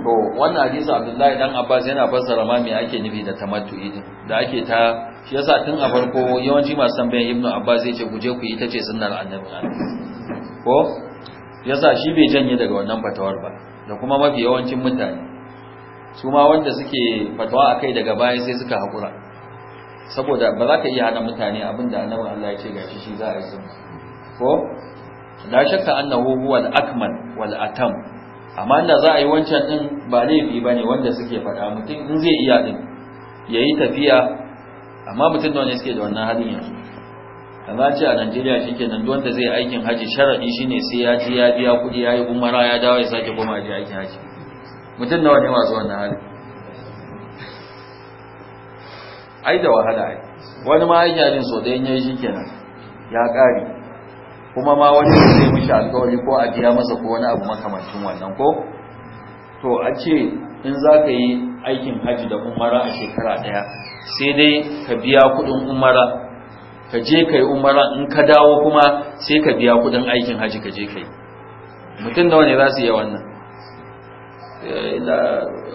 to wannan hadisi Abdullahi dan Abbas yana fassara ma me ake nufi da tamattu'i idin? da ake ta shi yasa tun a farko yawanci masu tambayan Ibn Abbas yace ku je ku yi tace sunnar annabi ko yasa shi bai janye daga wannan fatawar ba da kuma mafi yawancin mutane su ma wanda suke fatawa kai daga baya sai suka haƙura, saboda ba za ka iya hana mutane abinda annabi Allah ya ce gashi shi za a yi su ko la shakka annahu huwa akmal wal atam amma da za a yi wancan din ba laifi bane wanda suke faɗa mutum in zai iya din yayi tafiya amma mutum da wani suke da wannan halin yanzu kaza ce a Najeriya ke duk wanda zai aikin haji sharaɗi shine sai ya ji ya biya kudi yi umara ya dawo ya sake koma ji aikin haji mutum nawa ne masu wannan hali ai da wahala ai wani ma ya yarin so da yayi shi kenan ya kare kuma ma wani zai mishi alƙawari ko a biya masa ko wani abu makamancin wannan ko to a ce in za ka yi aikin hajji da umara a shekara ɗaya sai dai ka biya kuɗin umara ka je ka yi umara in ka dawo kuma sai ka biya kuɗin aikin hajji ka je ka yi mutum da wani za su iya wannan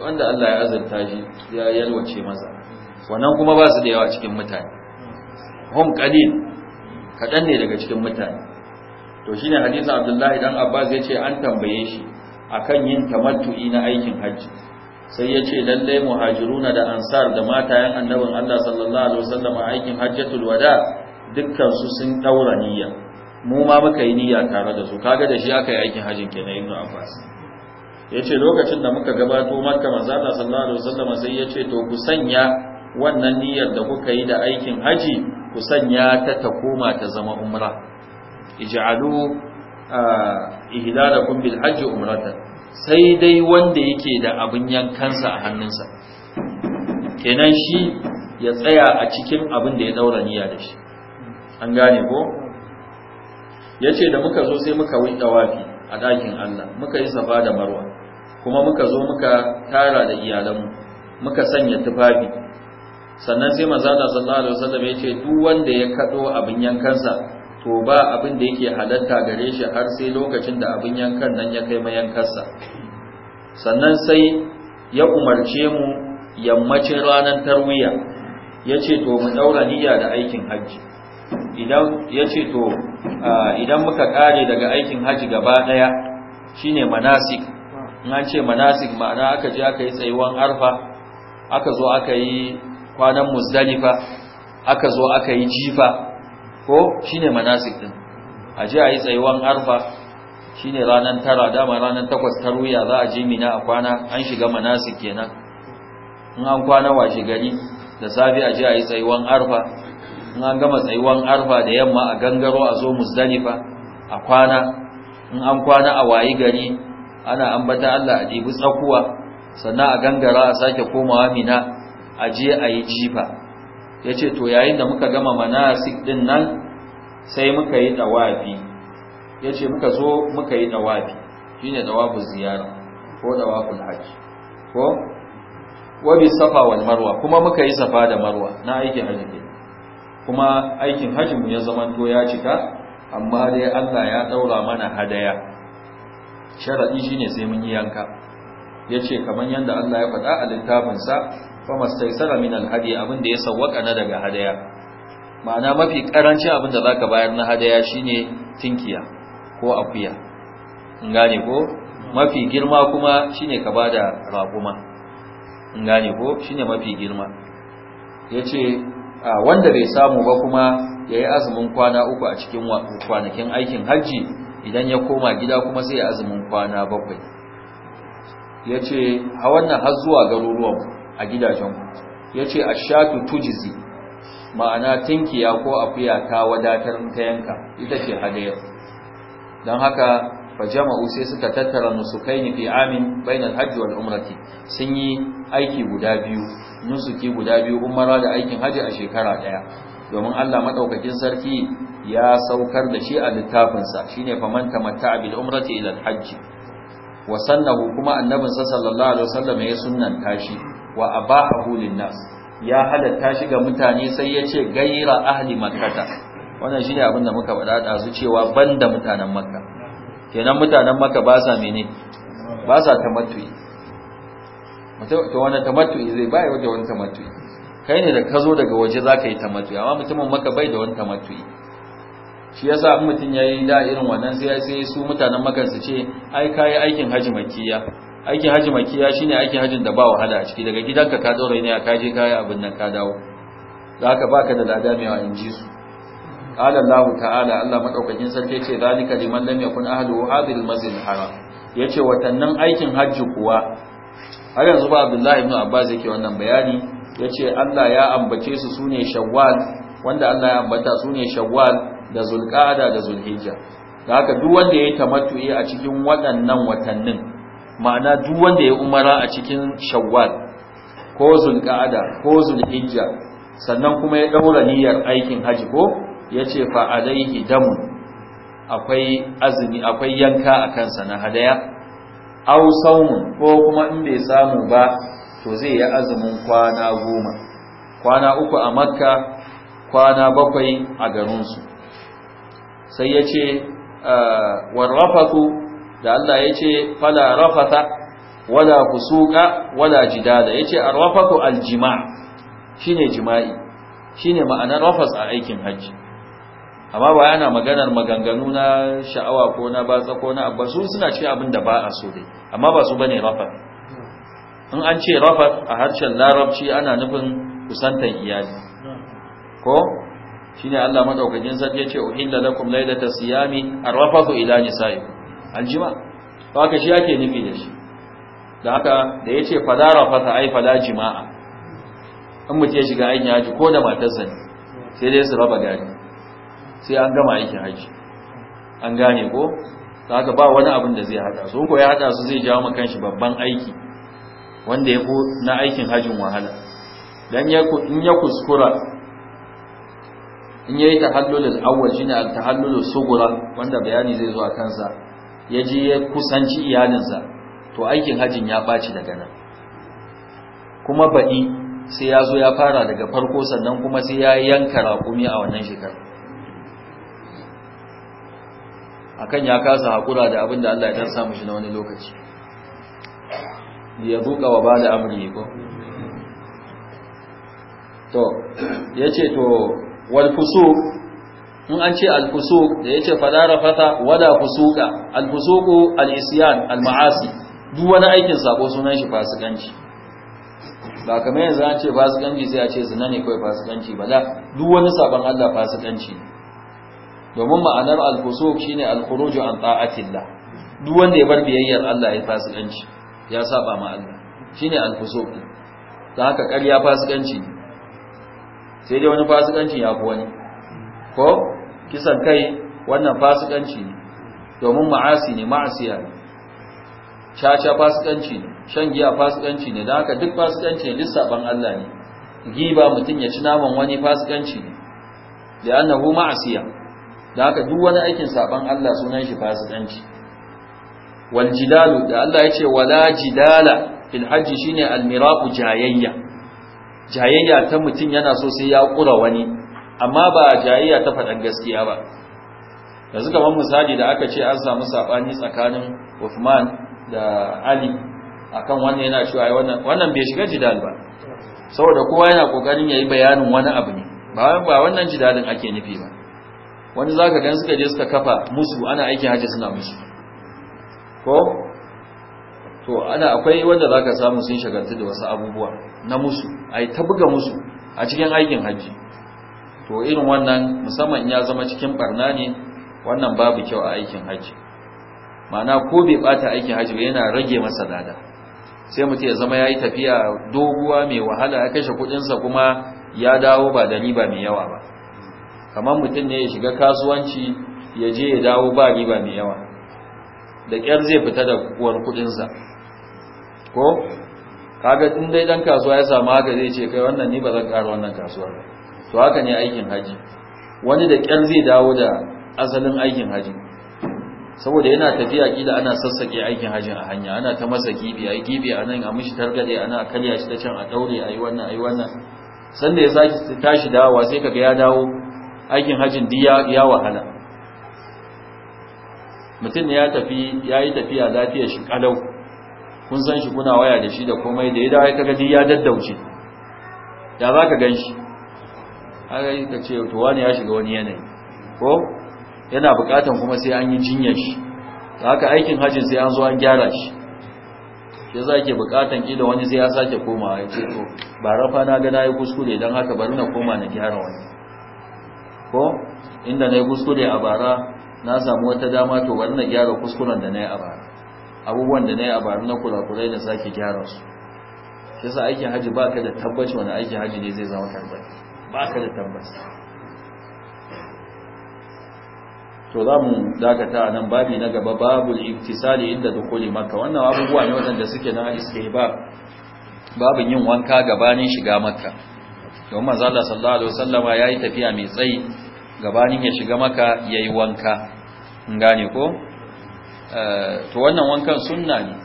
wanda Allah ya azurta shi ya yalwace masa wannan kuma ba su da yawa cikin mutane hum qalil kadan ne daga cikin mutane to shine hadisin Abdullahi dan Abbas yace an tambaye shi akan yin tamattu'i na aikin hajji sai yace lalle muhajiruna da ansar da matayen annabin Allah sallallahu alaihi wasallam aikin hajjatul wada dukkan su sun daura niyya mu ma muka yi niyya tare da su kaga da shi aka yi aikin hajjin kenan ibnu Abbas yace lokacin da muka gabato makka manzo sallallahu alaihi wasallam sai yace to ku sanya wannan niyyar da kuka yi da aikin haji ku sanya ta ta koma ta zama umra ij'alu ihdalakum bil hajji umrata sai dai wanda yake da abin yankansa a hannunsa kenan shi ya tsaya a cikin abin da ya daura niyya da shi an gane ko yace da muka zo sai muka wuce ɗawafi a ɗakin Allah muka yi safa da marwa kuma muka zo muka tara da iyalanmu muka sanya tufafi sannan sai manzo Allah sallallahu alaihi wasallam ya ce duk wanda ya kado abin yankansa to ba abin da yake halatta gare shi har sai lokacin da abin yankan nan ya kai mayankarsa sannan sai ya umarce mu yammacin ranar tarwiya ya ce to mu daura niyya da aikin hajji idan yace to idan muka kare daga aikin hajji gaba daya shine manasik in an ce manasik ma'ana aka je aka yi tsayuwan arfa aka zo aka yi kwanan musdalifa aka zo aka yi jifa ko shine manasik din a je a yi tsayuwan arfa shine ranan tara dama ranan takwas ta ruya za a je mina a kwana an shiga manasik kenan in an kwana washe gari da safi a je a yi tsayuwan arfa in an gama tsayuwan arfa da yamma a gangaro a zo musdalifa a kwana in an kwana a wayi gari ana ambata Allah a jibi tsakuwa sannan a gangara a sake komawa mina a je a yi jifa ya ce to yayin da muka gama mana ɗin nan sai muka yi ɗawafi ya ce muka zo muka yi ɗawafi shi ne ɗawafin ziyara ko ɗawafin haji ko wabi safa wal marwa kuma muka yi safa da marwa na aikin hajji ne kuma aikin hajji mu ya to ya cika amma dai Allah ya ɗaura mana hadaya sharadi shine sai mun yi yanka yace kaman yanda Allah ya faɗa a littafin sa mastaisara min alhadi abin da ya sawwaka na daga hadaya ma'ana mafi karanci abin da zaka bayar na hadaya shine tinkiya ko akuya in gane ko mafi girma kuma shine ka bada raguma in gane ko shine mafi girma yace wanda bai samu ba kuma yayi azumin kwana uku a cikin kwanakin aikin hajji? idan ya koma gida kuma sai ya azumin kwana bakwai ya ce a wannan har zuwa garuruwan a gidajenku. ya ce a shatu tujizi ma'ana tinkiya ko akuya ta wadatar ta yanka ita ce hadayar don haka fajama'u sai suka tattara nusukai ne fi amin bainar hajji wal umrati sun yi aiki guda biyu nusuki guda biyu umara da aikin hajji a shekara daya domin allah maɗaukakin sarki ya saukar da shi a littafinsa shine faman tamatta'a bil umrati ila al-hajj wa sannahu kuma annabin sa sallallahu alaihi wasallam ya sunnan tashi, wa abahu lin nas ya halatta shi ga mutane sai ya ce gaira ahli makkata wannan ne abin da muka faɗa da su cewa banda mutanen makka kenan mutanen makka ba sa mene ba sa tamattu'i to wani tamattu'i zai bai wata wani tamattu'i kai ne da ka zo daga waje za ka yi tamattu'i amma mutumin maka bai da wani tamattu'i shi yasa in mutum ya yi da irin wannan sai sai su mutanen makar su ce ai yi aikin haji makiya aikin haji makiya shine aikin hajin da ba wahala a ciki daga gidanka ka daure ne ka je kayi abin nan ka dawo zaka baka da lada mai in ji su qala Allah ta'ala Allah madaukakin sarki ce zalika liman lam yakun ahluhu hadhil masjid haram yace watannin aikin haji kuwa har yanzu ba Abdullahi ibn Abbas yake wannan bayani yace Allah ya ambace su sune Shawwal wanda Allah ya ambata sune Shawwal da Zulqada da zulhijja da haka duk wanda ya yayi tamattu'i a cikin waɗannan watannin ma'ana duk wanda ya umara a cikin shawwal ko Zulqada ko zulhijja sannan kuma ya ɗaura niyyar aikin haji ko yace fa alaihi damu akwai azumi akwai yanka a kansa na hadaya aw saumun ko kuma in bai samu ba to zai yi azumin kwana goma kwana uku a makka kwana bakwai a garinsu sai ya ce ah, Rafatu da Allah ya ce fala rafata wala kusuka wala jidala ce arrafathu aljima' shine jima'i shine ma'anar rafas a aikin hajji amma ba yana maganar maganganu na sha'awa ko na batsa ko na abba suna ce abin da ba a so dai amma ba su bane rafat in an ce rafat a harshen larabci ana nufin kusantan iyali ko shine Allah madaukakin sarki yace uhilla lakum laylata siyami arrafathu ila nisa'i aljima to haka shi yake nufi da shi da haka da yace fadara fata ai fala jima'a in mutum ya shiga aikin haji ko da matarsa ne sai dai su raba gari sai an gama aikin haji an gane ko ta haka ba wani abin da zai hada su ko ya hada su zai jawo makan shi babban aiki wanda ya fi na aikin hajin wahala dan ya in ya kuskura in yayi tahallulul awwal shine at-tahallulus sughra wanda bayani zai zo a kansa yaji ya kusanci iyalinsa to aikin hajin ya baci daga nan kuma baɗi sai ya zo ya fara daga farko sannan kuma sai ya yanka rakumi a wannan shekar akan ya kasa hakura da abin da Allah ya tarsa mishi na wani lokaci ya buka wa ba amri ko to ya ce to wal fusuq in an ce al fusuq da yace fala rafata wala fusuqa al fusuqu al isyan al ma'asi duk wani aikin sako sunan shi fasikanci ba kamar yanzu an ce fasikanci sai a ce zina ne kawai fasikanci ba da duk wani sabon Allah fasikanci ne domin ma'anar al-fusuq shine al-khuruju an ta'atillah duk wanda ya bar biyayyar Allah ya fasikanci ya saba ma Allah shine al-fusuq Da haka ƙarya fasikanci ne sai dai wani fasikanci ya fi wani ko kisan kai wannan fasikanci ne domin ma'asi ne ma'asiya ne caca fasikanci ne shan giya fasikanci ne don haka duk fasikanci ne lissaban Allah ne giba mutum ya ci naman wani fasikanci ne da annahu ma'asiya don haka duk wani aikin saban Allah sunan shi fasikanci wal jidalu da Allah ya ce wala jidala fil hajji shine al miraqu jayayya jayayya ta mutum yana so sai ya kura wani amma ba jayayya ta faɗan gaskiya ba suka ban misali da aka ce an samu sabani tsakanin Uthman da Ali akan wannan yana cewa wannan wannan bai shiga jidal ba saboda kowa yana kokarin yayi bayanin wani abu ne ba ba wannan jidalin ake nufi ba wani zaka gan suka je suka kafa musu ana aikin haji suna musu ko to ana akwai wanda za ka samu sun shagaltu da wasu abubuwa na musu a yi ta buga musu a cikin aikin hajji to irin wannan musamman ya zama cikin barna ne wannan babu kyau a aikin hajji mana ko bai bata aikin hajji ba yana rage masa lada sai mutum ya zama ya yi tafiya doguwa mai wahala ya kashe kudinsa kuma ya dawo ba da riba mai yawa ba kamar mutum ne ya shiga kasuwanci ya je ya dawo ba riba mai yawa da kyar zai fita da uwar kudinsa ko kaga in dai dan kasuwa ya samu haka zai ce kai wannan ni ba zan ƙara wannan kasuwa ba to haka ne aikin haji wani da ƙyar zai dawo da asalin aikin haji saboda yana tafiya kila ana sassake aikin hajin a hanya ana ta masa gibi ai gibi a nan a mishi targade ana karya shi ta can a daure ayi wannan ayi wannan san da ya saki tashi dawowa sai kaga ya dawo aikin hajin diya ya wahala mutum ne ya tafi yayi tafiya lafiyar shi kalau kun san shi kuna waya da shi da komai da ya dawo ya ya daddauce da za ka gan shi aka yi ka ce to wani ya shiga wani yanayi ko yana bukatan kuma sai an yi jinyar shi da haka aikin hajjin sai an zo an gyara shi shi za ke bukatan ƙila wani sai ya sake komawa ya ce to ba rafa na ga na yi kuskure don haka bari na koma na gyara wani ko inda na yi kuskure a bara na samu wata dama to bari na gyara kuskuren da na yi a bara abubuwan da na yi a bari na kurakurai na sake gyara su shi sa aikin haji ba ka da tabbaci wani aikin haji ne zai zama tabbaci ba ka da tabbaci to za mu dakata a nan babi na gaba babul iftisali inda dukuli maka wannan abubuwa ne wadanda suke na ba. babin yin wanka gabanin shiga maka. don manzo Allah sallallahu alaihi wasallama yayi tafiya mai tsayi gabanin ya shiga maka yayi wanka in gane ko Eh, to wannan wankan sunna ne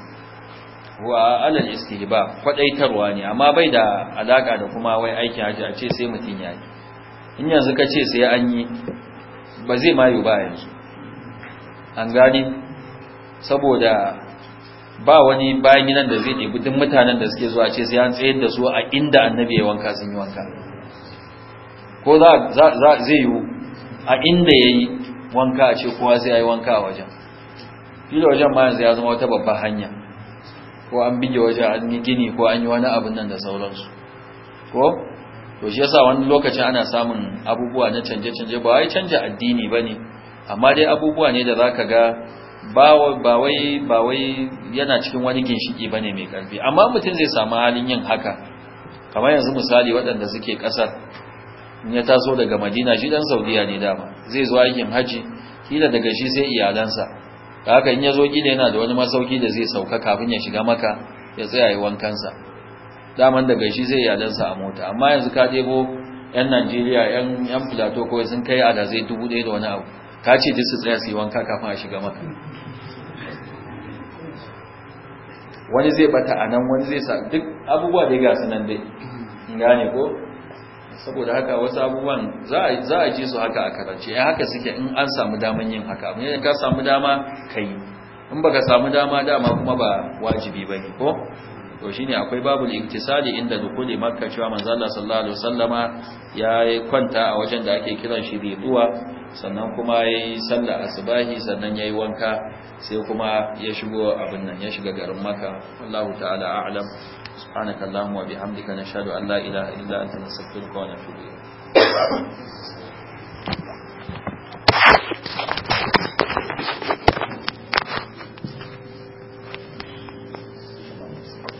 wa alal istihba kwadaitarwa ne amma bai da alaka da kuma wai aikin haji a ce sai mutun yayi in yanzu ka ce sai an yi ba zai mayu ba yanzu an gane saboda ba wani bayan gidan da zai ɗebi duk mutanen da suke zuwa ce sai an tsayar da su a inda annabi ya wanka sun yi wanka ko za zai yi a inda ya yi wanka a ce kowa sai ya yi wanka a wajen shi da wajen ma yanzu ya zama wata babbar hanya ko an bige waje an yi gini ko an yi wani abin nan da sauransu ko to shi yasa wani lokaci ana samun abubuwa na canje-canje ba wai canja addini bane amma dai abubuwa ne da zaka ga ba wai yana cikin wani ginshiki bane mai karfi amma mutum zai samu halin yin haka kamar yanzu misali waɗanda suke ƙasar in ya taso daga Madina shi dan Saudiya ne dama zai zo aikin haji kila daga shi sai iyalansa da haka in ya zo gida yana da wani masauki da zai sauka kafin ya shiga maka ya tsaya yi wankansa daman da gashi zai yadansa a mota amma yanzu ka ɗebo 'yan najeriya 'yan filato kawai sun kai a da zai dubu ɗaya da wani abu ka ce duk su tsaya su yi wanka kafin a shiga maka wani zai bata a nan wani zai sa duk abubuwa dai ga su nan dai gane ko saboda haka wasu abubuwan za a ji su haka a karance ya haka suke in an samu daman yin haka abin yadda ka samu dama ka yi in ba ka samu dama dama kuma ba wajibi ba ne ko to ne akwai babul iktisali inda dukuli makka cewa manzo sallallahu alaihi wasallama ya kwanta a wajen da ake kiran shi riduwa sannan kuma ya yayi sallar asbahi sannan ya yi wanka sai kuma ya shigo abin nan ya shiga garin maka Allahu ta'ala a'lam subhanakallahumma wa bihamdika nashhadu an la ilaha illa anta nastaghfiruka wa natubu ilayk